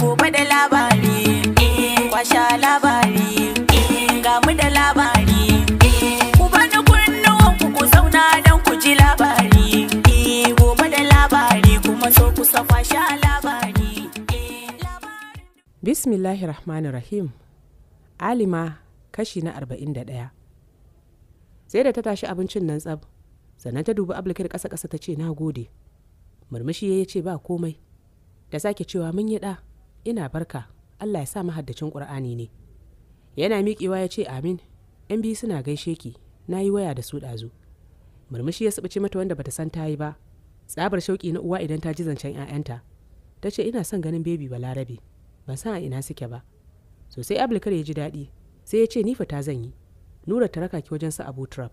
gobe da labari eh, kwasha labari eh, ga mu da labari eh, ku bani kunnuwan ku ku zauna don ku ji labari gobe da labari kuma so ku sa kwasha labari bismillahir rahmanir rahim alima kashi na 41 sai da ta tashi abincin nan tsab sannan ta dubi abulkir ƙasa ƙasa ta ce na gode murmushi ya ce ba komai da sake cewa mun yi ɗa ina barka allah ya sa mahaddacin ƙur'ani ne yana miƙewa ya ce amin yan biyu suna gaishe ki na yi waya da su ɗazu murmushi ya sabace mata wanda bata san ta yi ba tsabar shauƙi na uwa idan ta ji zancen 'ya'yanta ta ce ina son ganin bebi balarabe ban san a ina suke ba sosai abulkar ya ji daɗi sai ya ce nifa ta zan yi nura ta raka ki wajen su abu trap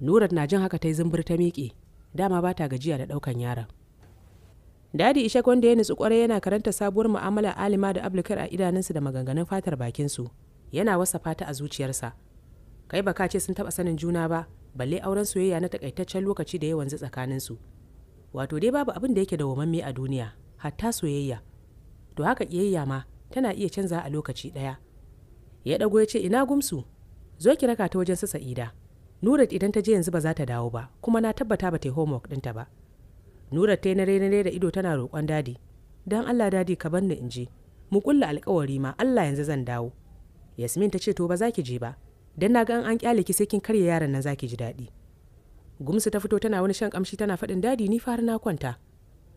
nura na jin haka ta yi zumbur ta miƙe dama ba ta gajiya da ɗaukan yaron Dadi Ishak wanda ya nutsu kwarai yana karanta sabuwar mu'amalar Alima da Abulkar a idanunsu da maganganun fatar bakinsu. Yana wasa fata a zuciyarsa. Kai baka ce sun taba sanin juna ba, balle auren soyayya na takaitaccen lokaci da ya wanzu tsakaninsu. Wato dai babu abin da yake da wamanmi a duniya, hatta soyayya. To haka kiyayya ma tana iya canza a lokaci ɗaya. Ya ɗago ya ce ina gumsu, zo ki raka ta wajen su Sa'ida. Nurat idan ta je yanzu ba za ta dawo ba, kuma na tabbata ba ta yi homework ɗinta ba. nura ta na rene da ido tana roƙon dadi dan allah dadi ka bar ni in je mu kulla alkawari ma allah yanzu zan dawo yasmin ta ce to ba za ki je ba dan na ga an kyale ki sai kin karya yaran nan za ki ji daɗi gumsu ta fito tana wani shan kamshi tana faɗin dadi ni fara na kwanta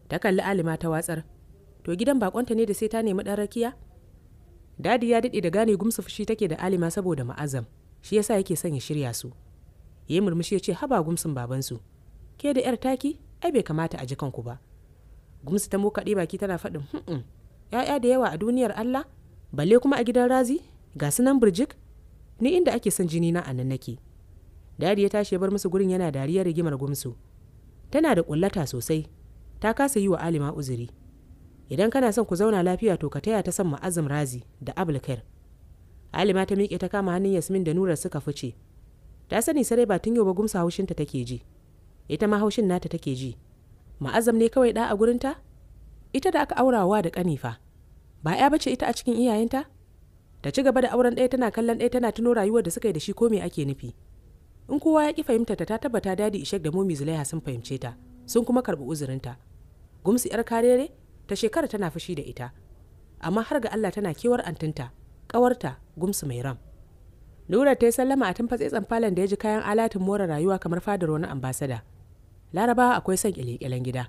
ta kalli alima ta watsar to gidan bakonta ne da sai ta nemi ɗan rakiya dadi ya daɗe da gane gumsu fushi take da alima saboda ma'azam shi yasa yake son ya shirya su ya murmushi ya ce haba gumsun babansu ke da yar taki ai bai kamata a ji kanku ba gumsu ta mokaɗe baki tana faɗin hun'un hmm, ‘ya'ya da yawa a duniyar Allah balle kuma a gidan razi ga su nan birjik ni inda ake son jini na anan nake dadi ya tashi bar musu gurin yana dariya rigimar gumsu tana da ƙullata sosai ta kasa yi wa alima uzuri idan kana son ku zauna lafiya to ka taya ta son ma'azim razi da abulkar alima ta miƙe ta kama hannun yasmin da nurar suka fice ta sani sarai ba tun yau ba gumsa haushinta take ji ita ma haushin nata take ji ma'azam ne kawai da a gurinta ita da aka aurawa da ƙanifa ba ya bace ita a cikin iyayenta ta ci gaba da auren ɗaya tana kallon ɗaya tana tuno rayuwar da suka yi da shi ko me ake nufi in kowa ya ƙi fahimta ta tabbata dadi ishek da momi zulaiha sun fahimce ta sun kuma karɓi uzurinta gumsi yar karere ta shekara tana fushi da ita amma har ga Allah tana kewar antinta kawarta gumsu mai ram Nura ta yi sallama a tun fatsetsen falon da ya ji kayan alatin more rayuwa kamar fadar wani ambasada. laraba akwai son ƙyale-ƙyalen gida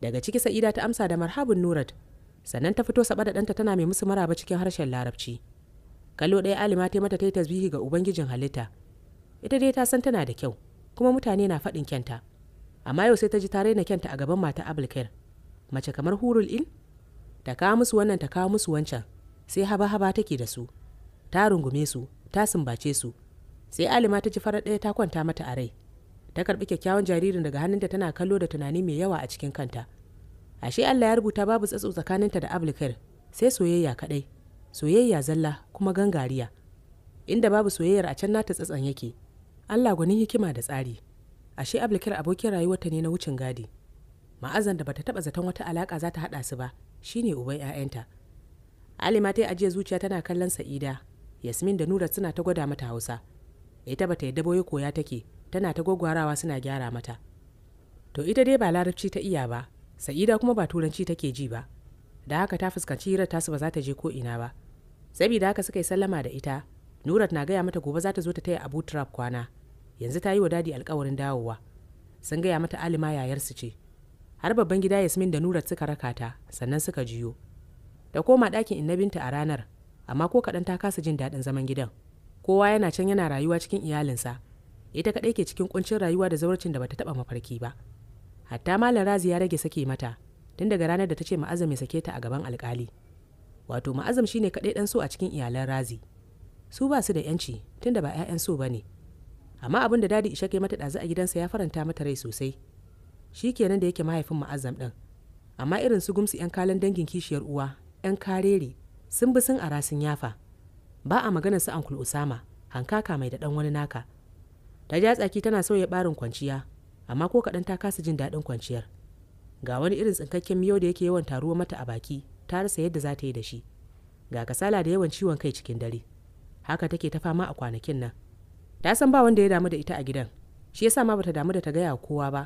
daga ciki sa'ida ta amsa da marhabin nurat sannan ta fito saba da ɗanta tana mai musu maraba cikin harshen larabci kallo ɗaya alima ta mata ta yi tasbihi ga ubangijin halitta ita dai ta san tana da kyau kuma mutane na faɗin kyanta amma yau sai ta ji ta raina kyanta a gaban mata abulkair mace kamar hurul in ta kawo musu wannan ta kawo musu wancan sai haba-haba take da su ta rungume su ta sumbace su sai alima ta ji farar ɗaya ta kwanta mata a rai ta karbi kyakkyawan jaririn daga hannunta tana kallo da tunani mai yawa a cikin kanta ashe Allah ya rubuta babu tsatsu tsakaninta da abulkar? sai soyayya kadai soyayya zalla kuma gangariya inda babu soyayyar a can nata tsatsan yake Allah gwanin hikima da tsari ashe abulkar abokin rayuwarta ne na wucin gadi ma'azan da bata taba zaton wata alaka za ta hada su ba shine uban 'ya'yanta Alima ta ajiye zuciya tana kallon Sa'ida Yasmin da Nura suna ta gwada mata Hausa ita bata yadda boye koya take tana ta gwagwarawa suna gyara mata to ita dai ba larabci ta iya ba sa'ida kuma ba turanci take ji ba da haka ta fuskanci hirar tasu ba za ta je ko ina ba saboda haka suka yi sallama da ita nurat na gaya mata gobe za ta zo ta taya abu trap kwana yanzu ta yi wa dadi alkawarin dawowa sun gaya mata alima yayarsu ce har babban gida yasmin da nurat suka raka ta sannan suka jiyo Ta koma ɗakin innabinta a ranar amma ko kaɗan ta kasa jin daɗin zaman gidan kowa yana can yana rayuwa cikin iyalinsa ita kaɗai ke cikin kuncin rayuwa da zauracin da bata taɓa mafarki ba hatta malam razi ya rage sake mata tun daga ranar da ta ce ma'azam ya sake ta a gaban alkali wato ma'azam shine kaɗai ɗan so a cikin iyalan razi su ba su da yanci tun da ba 'ya'yan so ba ne amma abin da dadi isha ya mata ɗazu a gidansa ya faranta mata rai sosai shi kenan da yake mahaifin ma'azam ɗin amma irin su gumsu 'yan kalan dangin kishiyar uwa 'yan karere sun bi sun ara sun yafa ba a maganar su ankul usama hankaka mai da dan wani naka ta ja tsaki tana sauya barin kwanciya amma ko kaɗan ta kasa jin daɗin kwanciyar ga wani irin tsinkakken miyo da yake yawan taruwa mata a baki ta rasa yadda za ta yi da shi ga kasala da yawan ciwon kai cikin dare haka take ta fama a kwanakin nan ta san ba wanda ya damu da ita a gidan shi yasa ma bata damu da ta gaya kowa ba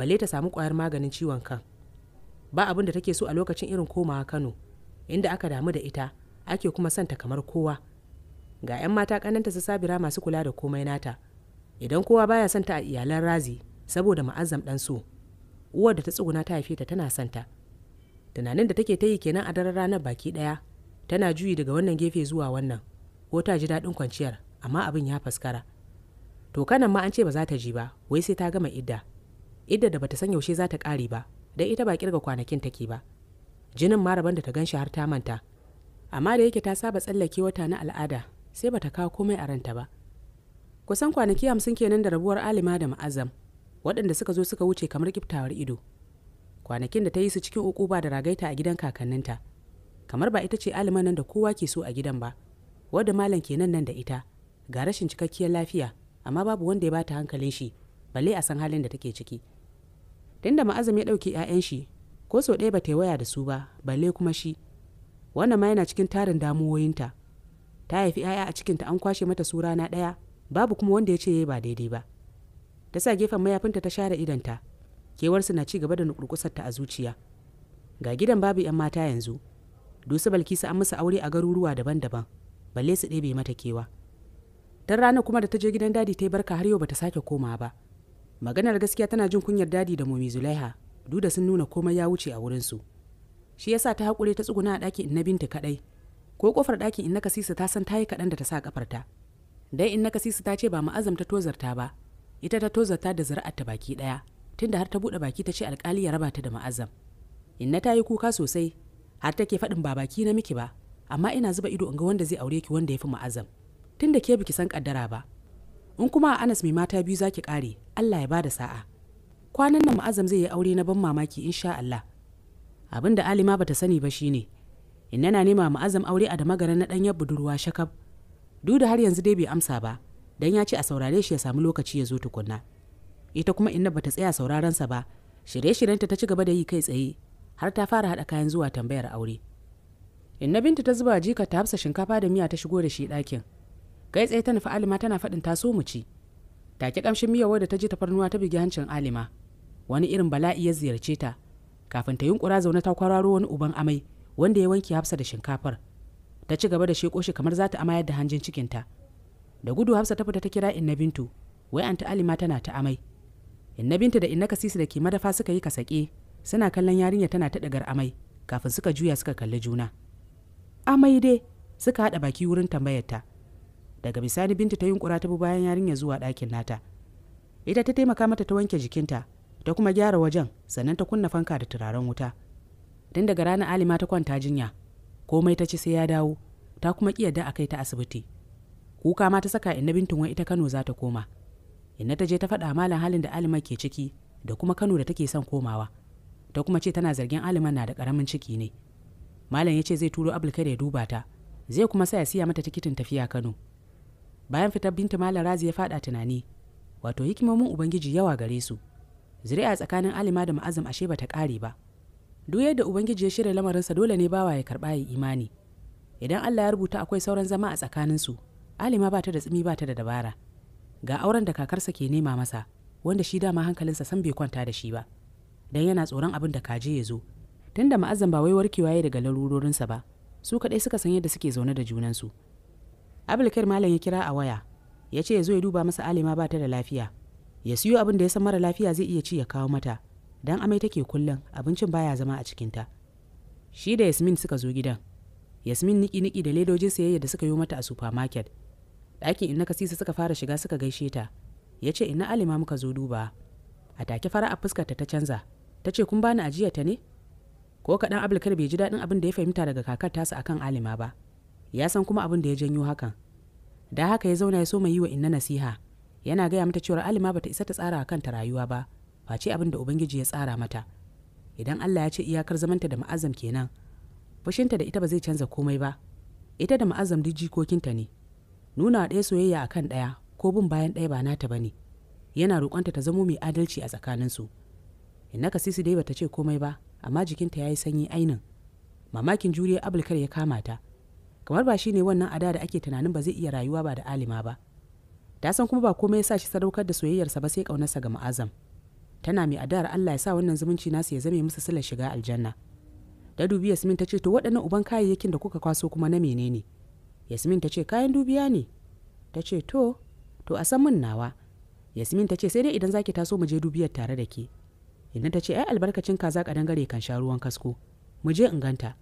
balle ta samu kwayar maganin ciwon kan ba abin da take so a lokacin irin komawa kano inda aka damu da ita ake kuma santa kamar kowa ga 'yan mata kananta su sabira masu kula da komai nata idan kowa baya son ta a iyalan razi saboda ma'azam dan so uwar da ta tsuguna ta haife ta tana son ta tunanin da take ta yi kenan a daren ranar baki daya tana juyi daga wannan gefe zuwa wannan ko ta ji daɗin kwanciyar amma abin ya faskara to kanan ma an ce ba za ta ji ba wai sai ta gama idda idda da bata san yaushe za ta ƙare ba dan ita ba kirga kwanakin take ba jinin ma raban da ta ganshi har ta manta amma da yake ta saba tsallake wata na al'ada sai bata kawo komai a ranta ba kusan kwanaki hamsin kenan da rabuwar alima da ma'azam waɗanda suka zo suka wuce kamar kiftawar ido kwanakin da ta yi su cikin ukuba da ragaita a gidan kakanninta kamar ba ita ce alima nan da kowa ke so a gidan ba wadda malam kenan nan da ita ga rashin cikakkiyar lafiya amma babu wanda ya bata hankalin shi balle a san halin da take ciki tunda ma'azam ya ɗauke 'ya'yan shi ko sau ɗaya ba ta waya da su ba balle kuma shi wannan ma yana cikin tarin damuwoyinta ta haifi 'ya'ya a cikinta an kwashe mata su rana ɗaya babu kuma wanda ya ce ba daidai ba ta sa gefen mayafinta ta share idanta kewarsu na ci gaba da ta a zuciya ga gidan babu 'yan mata yanzu dusu balkisa an musu aure a garuruwa daban-daban balle su ɗebe mata kewa tan rana kuma da ta je gidan dadi ta yi barka har yau bata sake koma ba maganar gaskiya tana jin kunyar dadi da momi zulaiha duk da sun nuna komai ya wuce a wurinsu shi yasa ta haƙure ta tsuguna a ɗakin inna binta kaɗai ko ƙofar ɗakin inna kasisa ta san ta yi kaɗan da ta sa ƙafarta dai in na kasisu ta ce ba ma'azam ta tozarta ba ita ta tozarta da zara'ar ta baki daya tunda har ta bude baki ta ce alkali ya raba ta da ma'azam inna ta yi kuka sosai har take faɗin ba baki na miki ba amma ina zuba ido in ga wanda zai aure ki wanda ya fi ma'azam tunda ke biki san kaddara ba in kuma a anas mai mata biyu zaki kare Allah ya bada sa'a kwanan nan ma'azam zai yi aure na ban mamaki insha Allah abin da alima bata sani ba shine inna na nema ma'azam aure a da magaran na ɗanyar budurwa shakab duk da har yanzu dai bai amsa ba dan ya ce a saurare shi ya samu lokaci ya zo tukunna ita kuma inna bata tsaya sauraron sa ba shirye shiryen ta ci gaba da yi kai tsaye har ta fara haɗa kayan zuwa tambayar aure inna binta ta zuba jika ta hafsa shinkafa da miya ta shigo da shi ɗakin kai tsaye ta nufi alima tana faɗin ta so mu ci ta ki ƙamshin miya wadda ta ji tafarnuwa ta bugi hancin alima wani irin bala'i ya ziyarce ta kafin ta yunkura zaune ta kwararo wani uban amai wanda ya wanke hafsa da shinkafar ta ci gaba da sheko shi kamar za ta amayar da hanjin cikinta da gudu hafsa ta fita ta kira inna bintu wai anta alima tana ta amai inna bintu da inna kasisi da ke madafa suka yi ka sake suna kallon yarinya tana ta dagar amai kafin suka juya suka kalli juna amai dai suka haɗa baki wurin tambayar ta daga bisani bintu ta yunkura ta bi bayan yarinya zuwa ɗakin nata ita ta taimaka mata ta wanke jikinta ta kuma gyara wajen sannan ta kunna fanka da turaren wuta tun daga ranar alima ta kwanta jinya komai ta ci sai ya dawo ta kuma ki yadda a kai ta asibiti kuka ma ta saka inna bintin wai ita Kano za ta koma inna ta je ta faɗa malam halin da alima ke ciki da kuma Kano da take son komawa ta kuma ce tana zargin Alima na da karamin ciki ne malam ya ce zai turo abulkar ya duba ta zai kuma sa ya siya mata tikitin tafiya Kano bayan fitar binta malam razi ya faɗa tunani wato hikimomin ubangiji yawa gare su zuri'a tsakanin alima da ma'azam ashe bata ƙare ba duk yadda ubangiji ya shirya lamarinsa dole ne bawa ya karɓa ya imani idan allah ya rubuta akwai sauran zama a tsakaninsu alima ba ta da tsimi ba ta da dabara ga auren da kakarsa ke nema masa wanda shi dama hankalinsa san bai kwanta da shi ba dan yana tsoron abin da kaje ya zo tunda ma'azan ba wai warkewa ya daga larurorinsa ba su kaɗai suka san yadda suke zaune da junansu abulkar malam ya kira a waya ya ce ya zo ya duba masa alima ba ta da lafiya ya siyo abin da ya san mara lafiya zai iya ci ya kawo mata dan amai take kullum abincin baya zama a cikinta shi da yasmin suka zo gidan yasmin niki-niki da ledojin sayayya da suka yi mata a supermarket ɗakin inna kasisa suka fara shiga suka gaishe ta ya ce inna alima muka zo duba a take a fuskarta ta canza ta ce kun bani ajiya ta ne ko kaɗan abulkar bai ji daɗin abin da ya fahimta daga kakar tasa akan alima ba ya san kuma abin da ya janyo hakan da haka ya zauna ya so mai yi wa inna nasiha yana gaya mata cewa alima bata isa ta tsara kanta rayuwa ba face abin da ubangiji ya tsara mata idan allah ya ce iyakar zamanta da ma'azam kenan fushinta da ita ba zai canza komai ba ita da ma'azam duk jikokinta ne nuna ɗaya soyayya a kan ɗaya ko bin bayan ɗaya ba nata ba ne yana roƙonta ta zamo mai adalci a tsakaninsu ka sisi dai bata ce komai ba amma jikinta ya yi sanyi ainin mamakin juriya abulkar ya kama ta kamar ba shi ne wannan ada da ake tunanin ba zai iya rayuwa ba da alima ba ta san kuma ba komai ya sa shi sadaukar da soyayyarsa ba sai ƙaunarsa ga ma'azam tana mai addu'ar Allah ya sa wannan zumunci nasu ya zame musu silar shiga aljanna da dubi yasmin ta ce to waɗannan uban kayayyakin da kuka kwaso kuma na menene yasmin ta ce kayan dubiya ne ta ce to to a san mun nawa yasmin ta ce sai dai idan zaki taso mu je dubiyar tare da ke ina ta ce ai albarkacin kaza ka dangare kan sha ruwan kasko mu je in ganta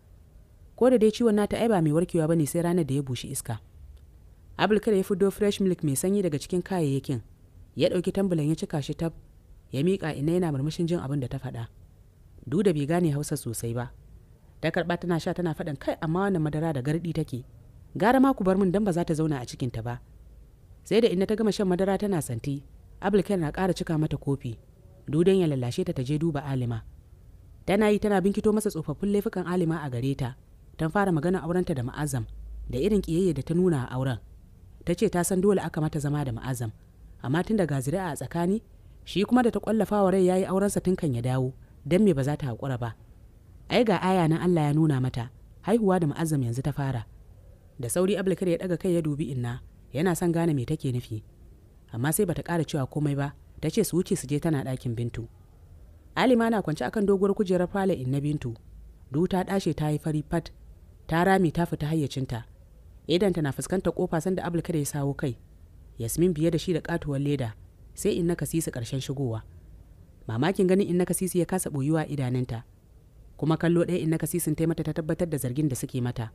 ko da dai ciwon nata ai ba mai warkewa bane sai ranar da ya bushe iska abulkar ya fido fresh milk mai sanyi daga cikin kayayyakin ya ɗauki tambulan ya cika shi tab ya miƙa ina yana murmushin jin abin da ta faɗa duda bai gane hausa sosai ba ta karɓa tana sha tana faɗin kai amma wannan madara da garɗi take gara ma ku bar min dan ba za ta zauna a cikin ta ba sai da ina ta gama shan madara tana santi abulkan na ƙara cika mata kofi dudan ya lallashe ta ta je duba alima tana yi tana binkito masa tsofaffin laifukan alima a gare ta tan fara magana aurenta da ma'azam da irin kiyayya da ta nuna a auren ta ce ta san dole aka mata zama da ma'azam amma tun da gazira a tsakani shi kuma da ta kwallafa wa rai yayi aurensa tun kan ya dawo dan me ba za ta hakura ba ai ga aya nan Allah ya nuna mata haihuwa da mu'azzam yanzu ta fara da sauri ablikar ya daga kai ya dubi inna yana son gane me take nufi amma sai bata kara cewa komai ba ta ce su wuce su je tana ɗakin bintu alima na kwance akan doguwar kujerar fala inna bintu du ta dashe ta yi fari fat ta rami ta fita hayyacinta idan tana fuskantar kofa sanda kada ya sawo kai yasmin biye da shi da katuwar leda sai in na kasisi ƙarshen shigowa mamakin ganin in na kasisi ya kasa ɓoyuwa idanunta kuma kallo ɗaya in na kasisin ta mata ta tabbatar da zargin da suke mata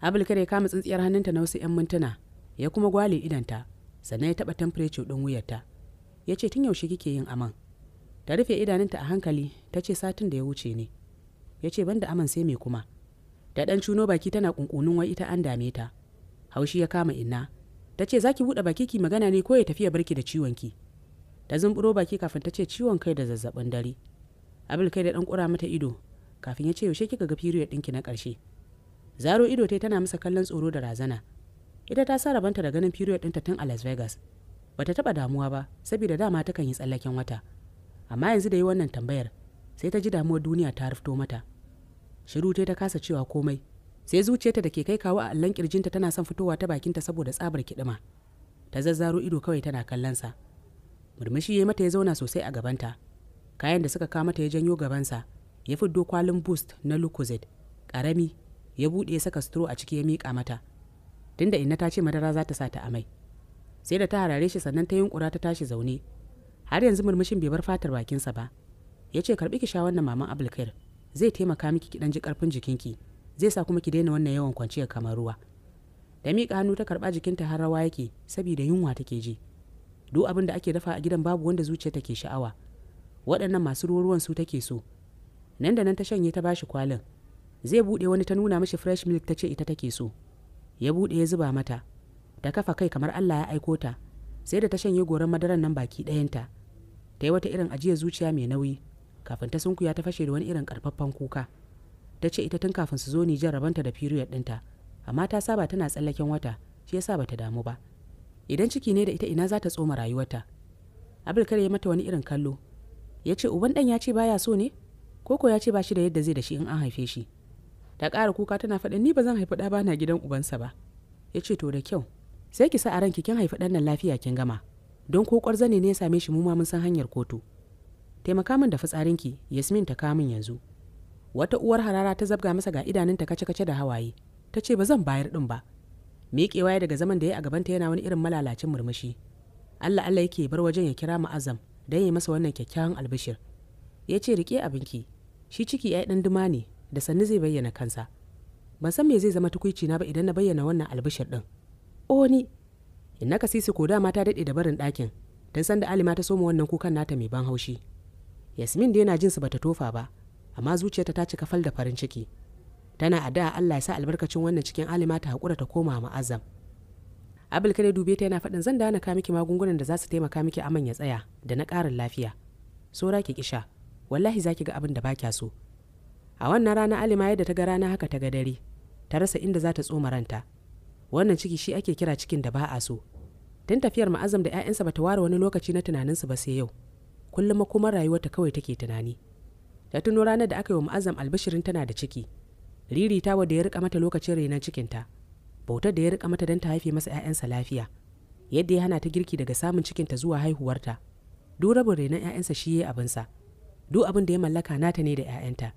abulkar ya kama tsintsiyar hannunta na wasu 'yan mintuna ya kuma gwale idanta sannan ya taɓa tamfureco ɗin wuyarta ya ce tun yaushe kike yin aman ta rufe idanunta a hankali ta ce satin da ya wuce ne ya ce banda aman sai me kuma da ɗan cuno baki tana ƙunƙunin wai ita an dame ta haushi ya kama inna ta ce za ki buɗe baki ki magana ne ko ya tafi ya barki da ciwon ki ta zumburo baki kafin ta ce ciwon kai da zazzabin dare abul kai da dan kura mata ido kafin ya ce yaushe kika ga period dinki na karshe zaro ido tai tana masa kallon tsoro da razana ita ta sa rabanta da ganin period dinta tun a las vegas bata taba damuwa ba saboda dama takan yi tsallaken wata amma yanzu da yi wannan tambayar sai ta ji damuwar duniya ta rufto mata shiru tai ta kasa cewa komai sai zuciyarta da ke kai kawo a allon kirjinta tana son fitowa ta bakinta saboda tsabar kiɗima ta zazzaro ido kawai tana kallon sa. murmushi ya mata ya zauna sosai a gabanta kayan da suka kama ta ya janyo gabansa ya fiddo kwalin boost na lucozade ƙarami ya buɗe ya saka stro a ciki ya miƙa mata tunda inna ta ce madara za ta sa ta amai sai da ta harare shi sannan ta yunkura ta tashi zaune har yanzu murmushin bai bar fatar bakinsa ba ya ce karɓi ki sha wannan maman abulkair zai taimaka miki ki ji karfin jikinki zai sa kuma ki daina wannan yawan kwanciyar kamar ruwa da miƙa hannu ta karɓa jikinta har rawa yake saboda yunwa take ji duk abin da ake dafa a gidan babu wanda zuciya take sha'awa waɗannan masu ruwan su take so nan da nan ta shanye ta bashi kwalin zai buɗe wani ta nuna mashi fresh milk ta ce ita take so ya buɗe ya zuba mata ta kafa kai kamar Allah ya aiko ta sai da ta shanye goron madaran nan baki ɗayanta ta yi wata irin ajiyar zuciya mai nauyi kafin ta sunkuya ta fashe da wani irin karfaffan kuka ta ce ita tun kafin su zo Nijar rabanta da period ɗinta amma ta saba tana tsallaken wata shi ya yasa bata damu ba. idan ciki ne da ita ina za ta tsoma rayuwarta abul kare ya mata wani irin kallo ya ce uban dan ya ce baya so ne ko ko ya ce ba shi da yadda zai da shi in an haife shi ta ƙara kuka tana faɗin ni ba zan haifi ɗa bana gidan ubansa ba ya ce to da kyau sai ki sa a ranki kin haifi ɗan nan lafiya kin gama don ko zane ne ya same shi mu ma mun san hanyar kotu taimaka min da fitsarinki yasmin ta kamun yanzu wata uwar harara ta zabga masa ga idanunta kace-kace da hawaye ta ce ba zan bayar ɗin ba miƙewa daga zaman da ya a gabanta yana wani irin malalacin murmushi allah allah yake bar wajen ya kira ma'azam don ya masa wannan kyakkyawan albishir ya ce rike abinki shi ciki ya ɗan duma ne da sannu zai bayyana kansa ban san me zai zama tukuici na ba idan na bayyana wannan albishir ɗin o ni in na kasisi ko dama ta daɗe da barin ɗakin don san da alima ta soma wannan kukan nata mai ban haushi yasmin da yana jin bata tofa ba amma zuciyarta ta cika fal da farin ciki tana a da Allah ya sa albarkacin wannan cikin alima ta hakura ta koma mu azam abul kada dube ta yana faɗin zan da na ka miki magungunan da za su taimaka miki aman ya tsaya da na ƙarin lafiya sora ki kisha wallahi zaki ga abin da ba kya so a wannan rana alima yadda ta ga rana haka ta ga dare ta rasa inda za ta tsoma ranta wannan ciki shi ake kira cikin da ba a so tun tafiyar ma'azam da 'ya'yansa bata ware wani lokaci na tunaninsu ba sai yau kullum makomar rayuwarta kawai take tunani ta tuno ranar da aka yi wa ma'azam albishirin tana da ciki riritawa da ya rika mata lokacin renon cikinta bautar da ya rika mata don ta haife masa 'ya'yansa lafiya yadda ya hana ta girki daga samun cikinta zuwa haihuwarta duk rabin renon 'ya'yansa shi ya abinsa duk abin da ya mallaka nata ne da 'ya'yanta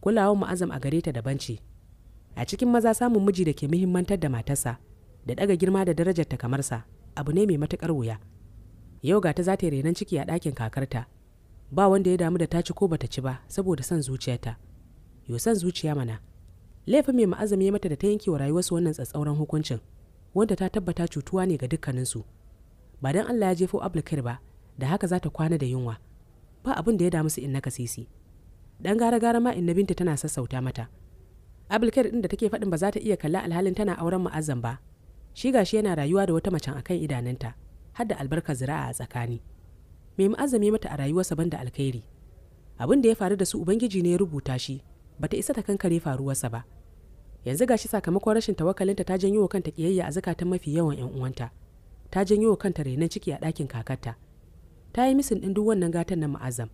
kulawar mu'azzam a gare ta daban ce a cikin maza samun miji da ke muhimmantar da matarsa da daga girma da darajar ta kamar sa abu ne mai matukar wuya yau ga ta za ta renon ciki a ɗakin kakarta ba wanda ya damu da ta ci ko bata ci ba saboda son zuciyarta yau son zuciya mana laifin mai ma'azami ya mata da ta yanke wa rayuwarsu wannan tsatsauran hukuncin wanda ta tabbata cutuwa ne ga dukkaninsu ba don allah ya jefo abulkir ba da haka za ta kwana da yunwa ba abin da ya damu su in na kasisi dan gara gara ma inna binta tana sassauta mata abulkir din da take faɗin ba za ta iya kalla alhalin tana auren ma'azam ba shi gashi yana rayuwa da wata macen akan idanunta har da albarka zira'a a tsakani mai ma'azami mata a rayuwarsa banda alkhairi abin da ya faru da su ubangiji ne ya rubuta shi ba ta isa ta kankare faruwarsa ba yanzu gashi sakamakon rashin tawakalinta ta janyo wa kanta kiyayya a zakatan mafi yawan yan uwanta ta janyo wa kanta rainon ciki a ɗakin kakarta ta yi misin ɗin duk wannan gatan na ma'azam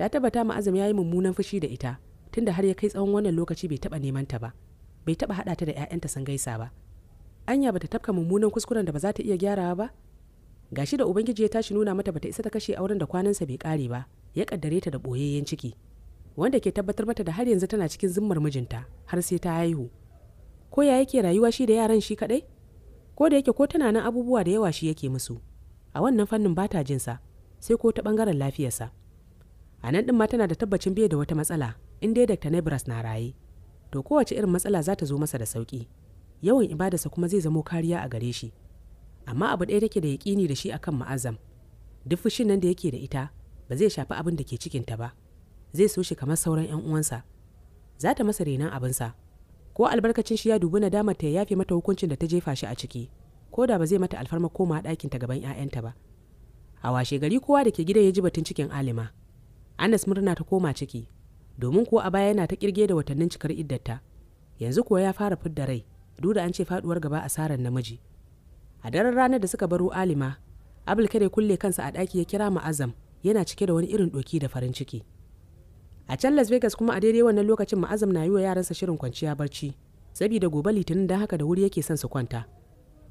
ta tabbata ma'azam ya yi mummunan fushi da ita tunda har ya kai tsawon wannan lokaci bai taɓa neman ta ba bai taɓa haɗa ta da 'ya'yanta sun gaisa ba anya bata tafka mummunan kuskuren da ba za ta iya gyarawa ba gashi da ubangiji ya tashi nuna mata bata isa ta kashe auren da kwanansa bai kare ba ya kaddare ta da boyayyen ciki wanda ke tabbatar mata da har yanzu tana cikin zimmar mijinta har sai ta haihu ko ya yake rayuwa shi da yaran shi kadai ko da yake ko tana nan abubuwa da yawa shi yake musu a wannan fannin bata jinsa sai ko ta bangaren lafiyarsa a nan din ma tana da tabbacin bai da wata matsala in dai Dr. Nebras na raye to kowace irin matsala za ta zo masa da sauki yawan ibadarsa kuma zai zamo kariya a gare shi amma abu ɗaya take da yaƙini da shi akan ma'azam duk fushin nan da yake da ita ba zai shafi abin da ke cikinta ba zai so shi kamar sauran 'yan uwansa za ta masa renon abinsa ko albarkacin shi ya dubi damar ta yafe mata hukuncin da ta jefa shi a ciki ko da ba zai mata alfarma koma ɗakin ta gaban 'ya'yanta ba a washe gari kowa da ke gidan ya ji batun cikin alima anas murna ta koma ciki domin ko a baya yana ta kirge da watannin cikar iddata yanzu kuwa ya fara fidda rai duk da an ce faduwar gaba asarar namiji a daren ranar da suka baro alima abul kare kulle kansa a ɗaki ya kira ma'azam yana cike da wani irin ɗoki da farin ciki a can las vegas kuma a daidai wannan lokacin ma'azam na yi wa yaransa shirin kwanciya barci saboda gobe litinin don haka da wuri yake son su kwanta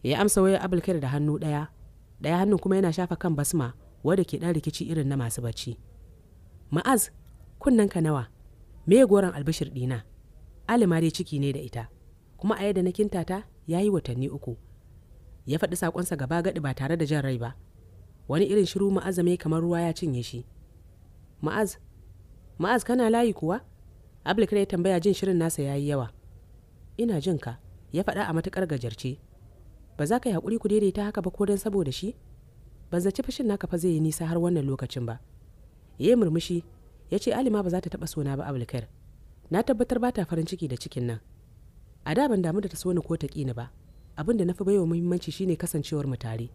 ya amsa wayar abulkar da hannu ɗaya ɗaya hannun kuma yana shafa kan basma wadda ke ɗan rikici irin na masu barci. ma'az ka nawa me goron albishir ɗina alima dai ciki ne da ita kuma a yadda na kintata ya yi watanni uku ya faɗi saƙonsa gaba gaɗi ba tare da jan rai ba wani irin shiru ma'azame kamar ruwa ya cinye shi ma'az ma'az kana layi kuwa ablikar ya tambaya jin shirin nasa ya yi yawa ina jin ka ya faɗa a matuƙar gajarce ba za ka yi haƙuri ku daidaita haka ba ko don saboda shi ban zaci fashin naka fa zai yi nisa har wannan lokacin ba ya murmushi ya ce alima ba za ta taɓa sona ba ablikar na tabbatar ba ta farin ciki da cikin nan a da ban damu da ta so ni ko ta ƙi ni ba abin da na fi baiwa muhimmanci shine kasancewar mu tare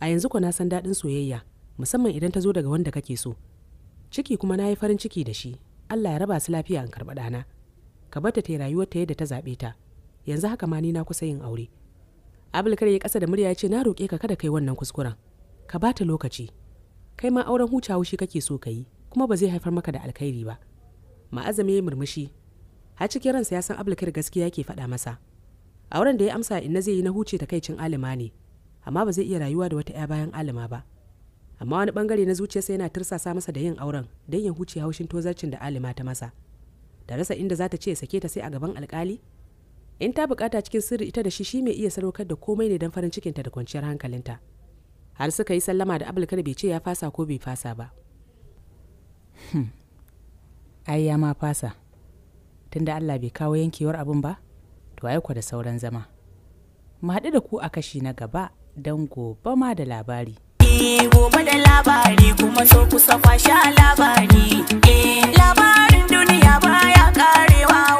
a yanzu ko na san daɗin soyayya musamman idan ta zo daga wanda kake so ciki kuma na yi farin ciki da shi allah ya raba su lafiya an karɓa ɗana ka bata ta rayuwar ta yadda ta zaɓe ta yanzu haka ma ni na kusa yin aure abulkar ya ƙasa da murya ya ce na roƙe ka kada kai wannan kuskuren ka bata lokaci kai ma auren huce shi kake so ka yi kuma ba zai haifar maka da alkhairi ba ma'azami ya murmushi har cikin ransa ya san abulkar gaskiya yake faɗa masa auren da ya amsa inna zai yi na huce ta kai cin alima ne amma ba zai iya rayuwa da wata 'ya bayan alima ba amma wani bangare na zuciyarsa yana tursasa masa da yin auren don ya huce haushin tozarcin da alima ta masa da rasa inda za ta ce sake ta sai a gaban alkali in ta bukata cikin sirri ita da shi shi mai iya sadaukar da komai ne don farin cikinta da kwanciyar hankalinta har suka yi sallama da abulkar bai ce ya fasa ko bai fasa ba hmm. ai ya ma fasa tunda allah bai kawo yankewar abin ba to ai da sauran zama mu haɗu da ku a kashi na gaba don gobe ma da labari sanyi gobe da labari kuma so kusa kwashe labari eh labarin duniya baya karewa